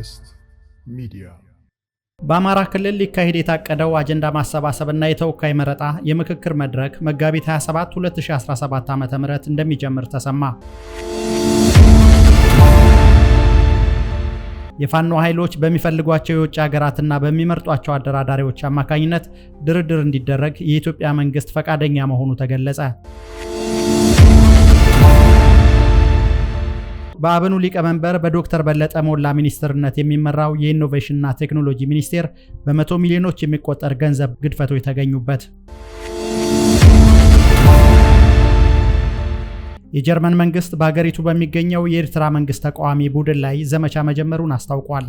ዌስት ሚዲያ በአማራ ክልል ሊካሄድ የታቀደው አጀንዳ ማሰባሰብና የተወካይ መረጣ የምክክር መድረክ መጋቢት 27 2017 ም እንደሚጀምር ተሰማ። የፋኖ ኃይሎች በሚፈልጓቸው የውጭ ሀገራትና በሚመርጧቸው አደራዳሪዎች አማካኝነት ድርድር እንዲደረግ የኢትዮጵያ መንግስት ፈቃደኛ መሆኑ ተገለጸ። በአብኑ ሊቀመንበር በዶክተር በለጠ ሞላ ሚኒስትርነት የሚመራው የኢኖቬሽንና ቴክኖሎጂ ሚኒስቴር በመቶ ሚሊዮኖች የሚቆጠር ገንዘብ ግድፈቶች የተገኙበት። የጀርመን መንግስት በአገሪቱ በሚገኘው የኤርትራ መንግስት ተቃዋሚ ቡድን ላይ ዘመቻ መጀመሩን አስታውቋል።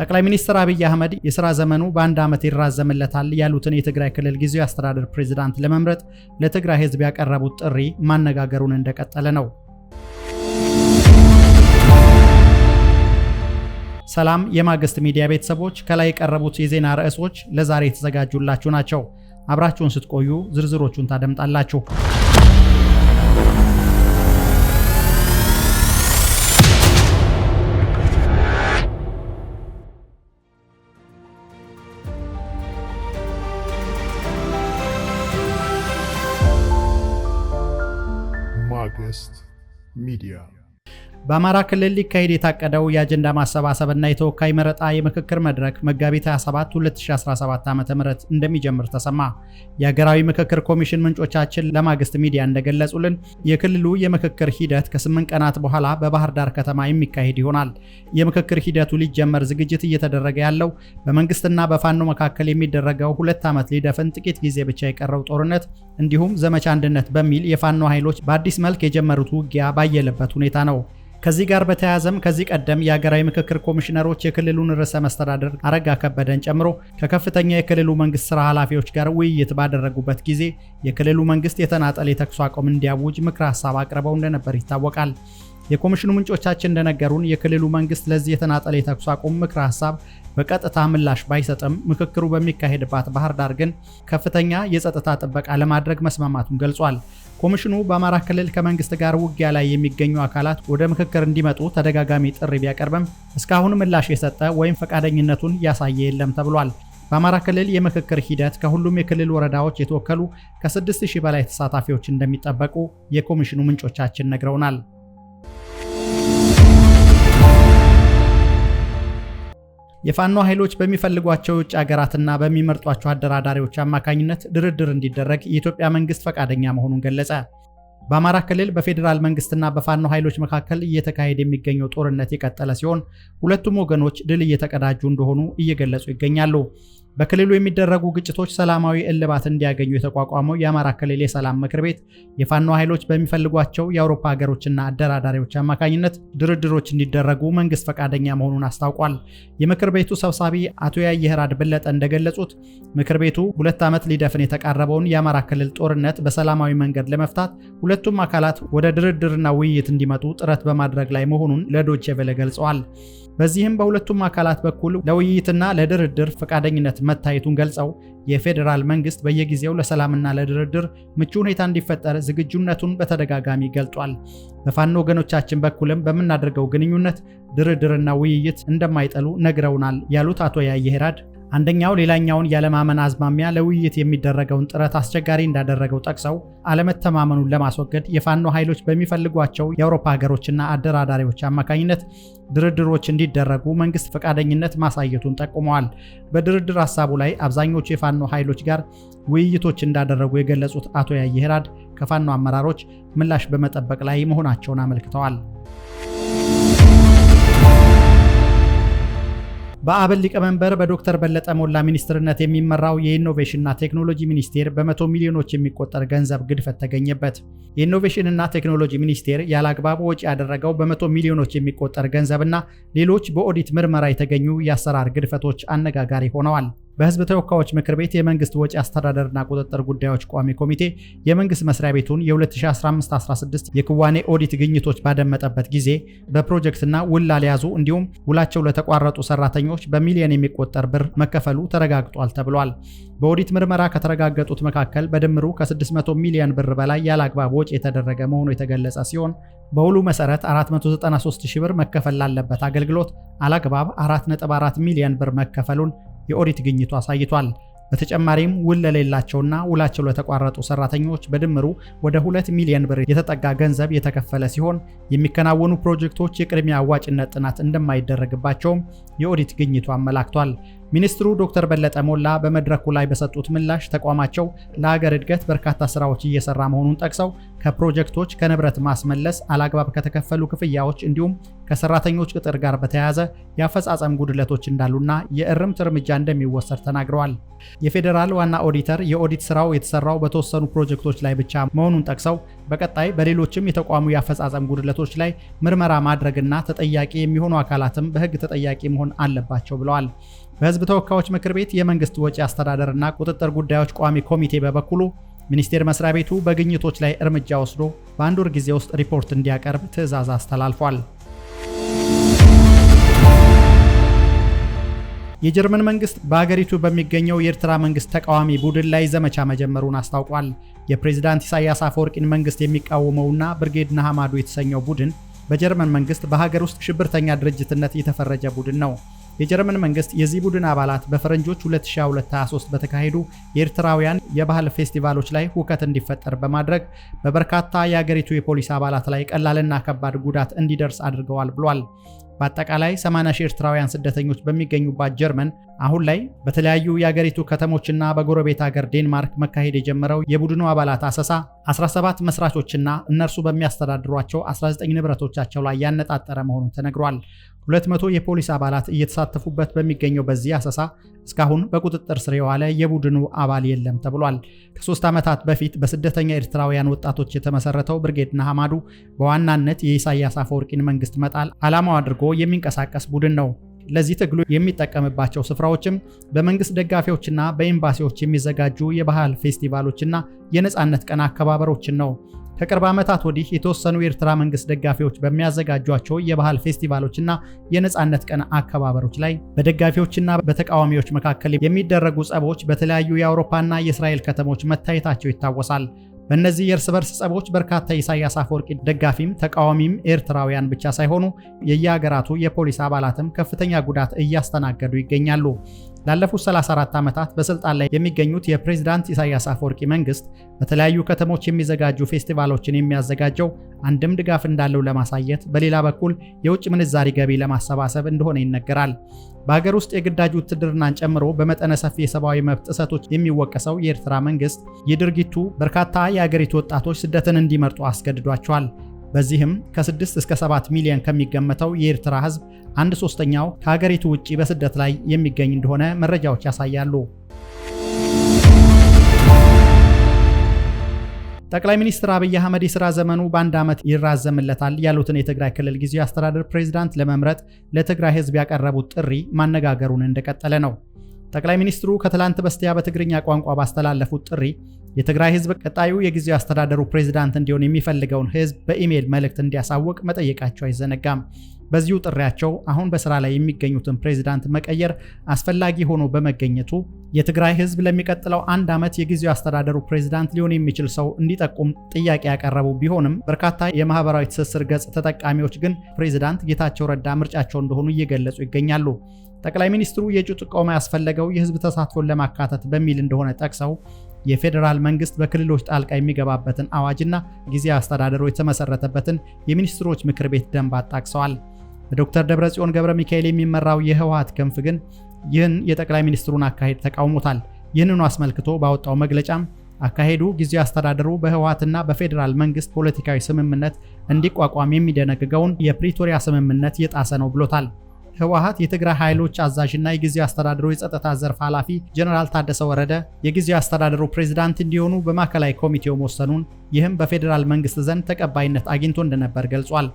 ጠቅላይ ሚኒስትር አብይ አህመድ የሥራ ዘመኑ በአንድ ዓመት ይራዘምለታል ያሉትን የትግራይ ክልል ጊዜያዊ አስተዳደር ፕሬዚዳንት ለመምረጥ ለትግራይ ህዝብ ያቀረቡት ጥሪ ማነጋገሩን እንደቀጠለ ነው። ሰላም የማግስት ሚዲያ ቤተሰቦች፣ ከላይ የቀረቡት የዜና ርዕሶች ለዛሬ የተዘጋጁላችሁ ናቸው። አብራችሁን ስትቆዩ ዝርዝሮቹን ታደምጣላችሁ። Media. በአማራ ክልል ሊካሄድ የታቀደው የአጀንዳ ማሰባሰብና የተወካይ መረጣ የምክክር መድረክ መጋቢት 27 2017 ዓ.ም እንደሚጀምር ተሰማ። የሀገራዊ ምክክር ኮሚሽን ምንጮቻችን ለማግስት ሚዲያ እንደገለጹልን የክልሉ የምክክር ሂደት ከስምንት ቀናት በኋላ በባህር ዳር ከተማ የሚካሄድ ይሆናል። የምክክር ሂደቱ ሊጀመር ዝግጅት እየተደረገ ያለው በመንግስትና በፋኖ መካከል የሚደረገው ሁለት ዓመት ሊደፍን ጥቂት ጊዜ ብቻ የቀረው ጦርነት እንዲሁም ዘመቻ አንድነት በሚል የፋኖ ኃይሎች በአዲስ መልክ የጀመሩት ውጊያ ባየለበት ሁኔታ ነው። ከዚህ ጋር በተያያዘም ከዚህ ቀደም የሀገራዊ ምክክር ኮሚሽነሮች የክልሉን ርዕሰ መስተዳደር አረጋ ከበደን ጨምሮ ከከፍተኛ የክልሉ መንግስት ስራ ኃላፊዎች ጋር ውይይት ባደረጉበት ጊዜ የክልሉ መንግስት የተናጠል የተኩስ አቁም እንዲያውጅ ምክረ ሀሳብ አቅርበው እንደነበር ይታወቃል። የኮሚሽኑ ምንጮቻችን እንደነገሩን የክልሉ መንግስት ለዚህ የተናጠለ የተኩስ አቁም ምክር ሀሳብ በቀጥታ ምላሽ ባይሰጥም ምክክሩ በሚካሄድባት ባህር ዳር ግን ከፍተኛ የጸጥታ ጥበቃ ለማድረግ መስማማቱን ገልጿል። ኮሚሽኑ በአማራ ክልል ከመንግስት ጋር ውጊያ ላይ የሚገኙ አካላት ወደ ምክክር እንዲመጡ ተደጋጋሚ ጥሪ ቢያቀርብም እስካሁን ምላሽ የሰጠ ወይም ፈቃደኝነቱን ያሳየ የለም ተብሏል። በአማራ ክልል የምክክር ሂደት ከሁሉም የክልል ወረዳዎች የተወከሉ ከ6000 በላይ ተሳታፊዎች እንደሚጠበቁ የኮሚሽኑ ምንጮቻችን ነግረውናል። የፋኖ ኃይሎች በሚፈልጓቸው የውጭ ሀገራትና በሚመርጧቸው አደራዳሪዎች አማካኝነት ድርድር እንዲደረግ የኢትዮጵያ መንግስት ፈቃደኛ መሆኑን ገለጸ። በአማራ ክልል በፌዴራል መንግስትና በፋኖ ኃይሎች መካከል እየተካሄደ የሚገኘው ጦርነት የቀጠለ ሲሆን ሁለቱም ወገኖች ድል እየተቀዳጁ እንደሆኑ እየገለጹ ይገኛሉ። በክልሉ የሚደረጉ ግጭቶች ሰላማዊ እልባት እንዲያገኙ የተቋቋመው የአማራ ክልል የሰላም ምክር ቤት የፋኖ ኃይሎች በሚፈልጓቸው የአውሮፓ ሀገሮችና አደራዳሪዎች አማካኝነት ድርድሮች እንዲደረጉ መንግስት ፈቃደኛ መሆኑን አስታውቋል። የምክር ቤቱ ሰብሳቢ አቶ ያየህራድ ብለጠ እንደገለጹት ምክር ቤቱ ሁለት ዓመት ሊደፍን የተቃረበውን የአማራ ክልል ጦርነት በሰላማዊ መንገድ ለመፍታት ሁለቱም አካላት ወደ ድርድርና ውይይት እንዲመጡ ጥረት በማድረግ ላይ መሆኑን ለዶቼ ቬለ ገልጸዋል። በዚህም በሁለቱም አካላት በኩል ለውይይትና ለድርድር ፈቃደኝነት መታየቱን ገልጸው የፌዴራል መንግስት በየጊዜው ለሰላምና ለድርድር ምቹ ሁኔታ እንዲፈጠር ዝግጁነቱን በተደጋጋሚ ገልጧል። በፋኖ ወገኖቻችን በኩልም በምናደርገው ግንኙነት ድርድርና ውይይት እንደማይጠሉ ነግረውናል ያሉት አቶ ያየሄራድ አንደኛው ሌላኛውን ያለማመን አዝማሚያ ለውይይት የሚደረገውን ጥረት አስቸጋሪ እንዳደረገው ጠቅሰው አለመተማመኑን ለማስወገድ የፋኖ ኃይሎች በሚፈልጓቸው የአውሮፓ ሀገሮችና አደራዳሪዎች አማካኝነት ድርድሮች እንዲደረጉ መንግስት ፈቃደኝነት ማሳየቱን ጠቁመዋል። በድርድር ሀሳቡ ላይ አብዛኞቹ የፋኖ ኃይሎች ጋር ውይይቶች እንዳደረጉ የገለጹት አቶ ያየህራድ ከፋኖ አመራሮች ምላሽ በመጠበቅ ላይ መሆናቸውን አመልክተዋል። በአብን ሊቀመንበር በዶክተር በለጠ ሞላ ሚኒስትርነት የሚመራው የኢኖቬሽንና ቴክኖሎጂ ሚኒስቴር በመቶ ሚሊዮኖች የሚቆጠር ገንዘብ ግድፈት ተገኘበት። የኢኖቬሽንና ቴክኖሎጂ ሚኒስቴር ያለ ወጪ ያደረገው በመቶ ሚሊዮኖች የሚቆጠር ገንዘብና ሌሎች በኦዲት ምርመራ የተገኙ የአሰራር ግድፈቶች አነጋጋሪ ሆነዋል። በህዝብ ተወካዮች ምክር ቤት የመንግስት ወጪ አስተዳደርና ቁጥጥር ጉዳዮች ቋሚ ኮሚቴ የመንግስት መስሪያ ቤቱን የ201516 የክዋኔ ኦዲት ግኝቶች ባደመጠበት ጊዜ በፕሮጀክትና ውል አልያዙ እንዲሁም ውላቸው ለተቋረጡ ሰራተኞች በሚሊዮን የሚቆጠር ብር መከፈሉ ተረጋግጧል ተብሏል። በኦዲት ምርመራ ከተረጋገጡት መካከል በድምሩ ከ600 ሚሊዮን ብር በላይ አግባብ ወጪ የተደረገ መሆኑ የተገለጸ ሲሆን በውሉ መሰረት 493 ሺህ ብር መከፈል ላለበት አገልግሎት አላግባብ 4.4 ሚሊዮን ብር መከፈሉን የኦዲት ግኝቱ አሳይቷል። በተጨማሪም ውል ለሌላቸውና ውላቸው ለተቋረጡ ሰራተኞች በድምሩ ወደ 2 ሚሊዮን ብር የተጠጋ ገንዘብ የተከፈለ ሲሆን የሚከናወኑ ፕሮጀክቶች የቅድሚያ አዋጭነት ጥናት እንደማይደረግባቸውም የኦዲት ግኝቱ አመላክቷል። ሚኒስትሩ ዶክተር በለጠ ሞላ በመድረኩ ላይ በሰጡት ምላሽ ተቋማቸው ለሀገር እድገት በርካታ ስራዎች እየሰራ መሆኑን ጠቅሰው ከፕሮጀክቶች ከንብረት ማስመለስ፣ አላግባብ ከተከፈሉ ክፍያዎች እንዲሁም ከሰራተኞች ቅጥር ጋር በተያያዘ የአፈጻጸም ጉድለቶች እንዳሉና የእርምት እርምጃ እንደሚወሰድ ተናግረዋል። የፌዴራል ዋና ኦዲተር የኦዲት ስራው የተሰራው በተወሰኑ ፕሮጀክቶች ላይ ብቻ መሆኑን ጠቅሰው በቀጣይ በሌሎችም የተቋሙ የአፈጻጸም ጉድለቶች ላይ ምርመራ ማድረግና ተጠያቂ የሚሆኑ አካላትም በህግ ተጠያቂ መሆን አለባቸው ብለዋል። በህዝብ ተወካዮች ምክር ቤት የመንግስት ወጪ አስተዳደርና ቁጥጥር ጉዳዮች ቋሚ ኮሚቴ በበኩሉ ሚኒስቴር መስሪያ ቤቱ በግኝቶች ላይ እርምጃ ወስዶ በአንድ ወር ጊዜ ውስጥ ሪፖርት እንዲያቀርብ ትዕዛዝ አስተላልፏል። የጀርመን መንግስት በሀገሪቱ በሚገኘው የኤርትራ መንግስት ተቃዋሚ ቡድን ላይ ዘመቻ መጀመሩን አስታውቋል። የፕሬዝዳንት ኢሳያስ አፈወርቂን መንግስት የሚቃወመውና ብርጌድ ናሃማዱ የተሰኘው ቡድን በጀርመን መንግስት በሀገር ውስጥ ሽብርተኛ ድርጅትነት የተፈረጀ ቡድን ነው። የጀርመን መንግስት የዚህ ቡድን አባላት በፈረንጆች 2023 በተካሄዱ የኤርትራውያን የባህል ፌስቲቫሎች ላይ ሁከት እንዲፈጠር በማድረግ በበርካታ የአገሪቱ የፖሊስ አባላት ላይ ቀላልና ከባድ ጉዳት እንዲደርስ አድርገዋል ብሏል። በአጠቃላይ 80 ሺህ ኤርትራውያን ስደተኞች በሚገኙባት ጀርመን አሁን ላይ በተለያዩ የአገሪቱ ከተሞችና በጎረቤት አገር ዴንማርክ መካሄድ የጀመረው የቡድኑ አባላት አሰሳ 17 መስራቾችና እነርሱ በሚያስተዳድሯቸው 19 ንብረቶቻቸው ላይ ያነጣጠረ መሆኑን ተነግሯል። 200 የፖሊስ አባላት እየተሳተፉበት በሚገኘው በዚህ አሰሳ እስካሁን በቁጥጥር ስር የዋለ የቡድኑ አባል የለም ተብሏል። ከሶስት ዓመታት በፊት በስደተኛ ኤርትራውያን ወጣቶች የተመሰረተው ብርጌድ ንሓመዱ በዋናነት የኢሳያስ አፈወርቂን መንግስት መጣል ዓላማው አድርጎ የሚንቀሳቀስ ቡድን ነው። ለዚህ ትግሉ የሚጠቀምባቸው ስፍራዎችም በመንግስት ደጋፊዎችና በኤምባሲዎች የሚዘጋጁ የባህል ፌስቲቫሎችና የነፃነት ቀን አከባበሮችን ነው። ከቅርብ ዓመታት ወዲህ የተወሰኑ የኤርትራ መንግስት ደጋፊዎች በሚያዘጋጇቸው የባህል ፌስቲቫሎችና የነፃነት ቀን አከባበሮች ላይ በደጋፊዎችና በተቃዋሚዎች መካከል የሚደረጉ ጸቦች በተለያዩ የአውሮፓና የእስራኤል ከተሞች መታየታቸው ይታወሳል። በእነዚህ የእርስ በርስ ጸቦች በርካታ የኢሳያስ አፈወርቂ ደጋፊም ተቃዋሚም ኤርትራውያን ብቻ ሳይሆኑ የየሀገራቱ የፖሊስ አባላትም ከፍተኛ ጉዳት እያስተናገዱ ይገኛሉ። ላለፉት 34 ዓመታት በስልጣን ላይ የሚገኙት የፕሬዝዳንት ኢሳያስ አፈወርቂ መንግስት በተለያዩ ከተሞች የሚዘጋጁ ፌስቲቫሎችን የሚያዘጋጀው አንድም ድጋፍ እንዳለው ለማሳየት፣ በሌላ በኩል የውጭ ምንዛሪ ገቢ ለማሰባሰብ እንደሆነ ይነገራል። በሀገር ውስጥ የግዳጅ ውትድርናን ጨምሮ በመጠነ ሰፊ የሰብአዊ መብት ጥሰቶች የሚወቀሰው የኤርትራ መንግስት የድርጊቱ በርካታ የአገሪቱ ወጣቶች ስደትን እንዲመርጡ አስገድዷቸዋል። በዚህም ከ6 እስከ 7 ሚሊዮን ከሚገመተው የኤርትራ ህዝብ አንድ ሶስተኛው ከሀገሪቱ ውጭ በስደት ላይ የሚገኝ እንደሆነ መረጃዎች ያሳያሉ። ጠቅላይ ሚኒስትር አብይ አህመድ የሥራ ዘመኑ በአንድ ዓመት ይራዘምለታል ያሉትን የትግራይ ክልል ጊዜያዊ አስተዳደር ፕሬዚዳንት ለመምረጥ ለትግራይ ህዝብ ያቀረቡት ጥሪ ማነጋገሩን እንደቀጠለ ነው። ጠቅላይ ሚኒስትሩ ከትላንት በስቲያ በትግርኛ ቋንቋ ባስተላለፉት ጥሪ የትግራይ ህዝብ ቀጣዩ የጊዜው አስተዳደሩ ፕሬዚዳንት እንዲሆን የሚፈልገውን ህዝብ በኢሜይል መልእክት እንዲያሳውቅ መጠየቃቸው አይዘነጋም። በዚሁ ጥሪያቸው አሁን በስራ ላይ የሚገኙትን ፕሬዚዳንት መቀየር አስፈላጊ ሆኖ በመገኘቱ የትግራይ ህዝብ ለሚቀጥለው አንድ ዓመት የጊዜው አስተዳደሩ ፕሬዚዳንት ሊሆን የሚችል ሰው እንዲጠቁም ጥያቄ ያቀረቡ ቢሆንም በርካታ የማህበራዊ ትስስር ገጽ ተጠቃሚዎች ግን ፕሬዚዳንት ጌታቸው ረዳ ምርጫቸው እንደሆኑ እየገለጹ ይገኛሉ። ጠቅላይ ሚኒስትሩ የእጩ ጥቆማ ያስፈለገው የህዝብ ተሳትፎን ለማካተት በሚል እንደሆነ ጠቅሰው የፌዴራል መንግስት በክልሎች ጣልቃ የሚገባበትን አዋጅና ጊዜ አስተዳደሩ የተመሰረተበትን የሚኒስትሮች ምክር ቤት ደንብ አጣቅሰዋል። በዶክተር ደብረጽዮን ገብረ ሚካኤል የሚመራው የህወሀት ክንፍ ግን ይህን የጠቅላይ ሚኒስትሩን አካሄድ ተቃውሞታል። ይህንኑ አስመልክቶ ባወጣው መግለጫም አካሄዱ ጊዜ አስተዳደሩ በህወሀትና በፌዴራል መንግስት ፖለቲካዊ ስምምነት እንዲቋቋም የሚደነግገውን የፕሪቶሪያ ስምምነት የጣሰ ነው ብሎታል። ህወሀት የትግራይ ኃይሎች አዛዥና የጊዜው አስተዳደሩ የጸጥታ ዘርፍ ኃላፊ ጀኔራል ታደሰ ወረደ የጊዜው አስተዳደሩ ፕሬዚዳንት እንዲሆኑ በማዕከላዊ ኮሚቴው መወሰኑን፣ ይህም በፌዴራል መንግስት ዘንድ ተቀባይነት አግኝቶ እንደነበር ገልጿል።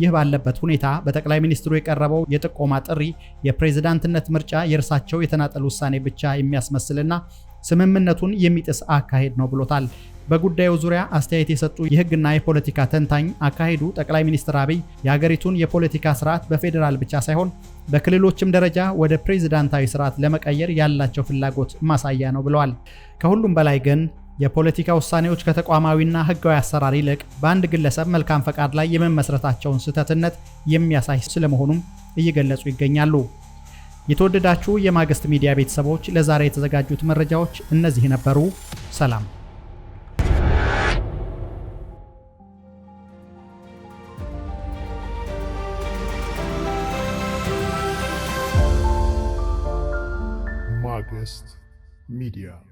ይህ ባለበት ሁኔታ በጠቅላይ ሚኒስትሩ የቀረበው የጥቆማ ጥሪ የፕሬዝዳንትነት ምርጫ የእርሳቸው የተናጠል ውሳኔ ብቻ የሚያስመስልና ስምምነቱን የሚጥስ አካሄድ ነው ብሎታል። በጉዳዩ ዙሪያ አስተያየት የሰጡ የህግና የፖለቲካ ተንታኝ አካሄዱ ጠቅላይ ሚኒስትር አብይ የአገሪቱን የፖለቲካ ስርዓት በፌዴራል ብቻ ሳይሆን በክልሎችም ደረጃ ወደ ፕሬዝዳንታዊ ስርዓት ለመቀየር ያላቸው ፍላጎት ማሳያ ነው ብለዋል። ከሁሉም በላይ ግን የፖለቲካ ውሳኔዎች ከተቋማዊና ህጋዊ አሰራር ይልቅ በአንድ ግለሰብ መልካም ፈቃድ ላይ የመመስረታቸውን ስህተትነት የሚያሳይ ስለመሆኑም እየገለጹ ይገኛሉ። የተወደዳችሁ የማግስት ሚዲያ ቤተሰቦች ለዛሬ የተዘጋጁት መረጃዎች እነዚህ ነበሩ። ሰላም Podcast Media.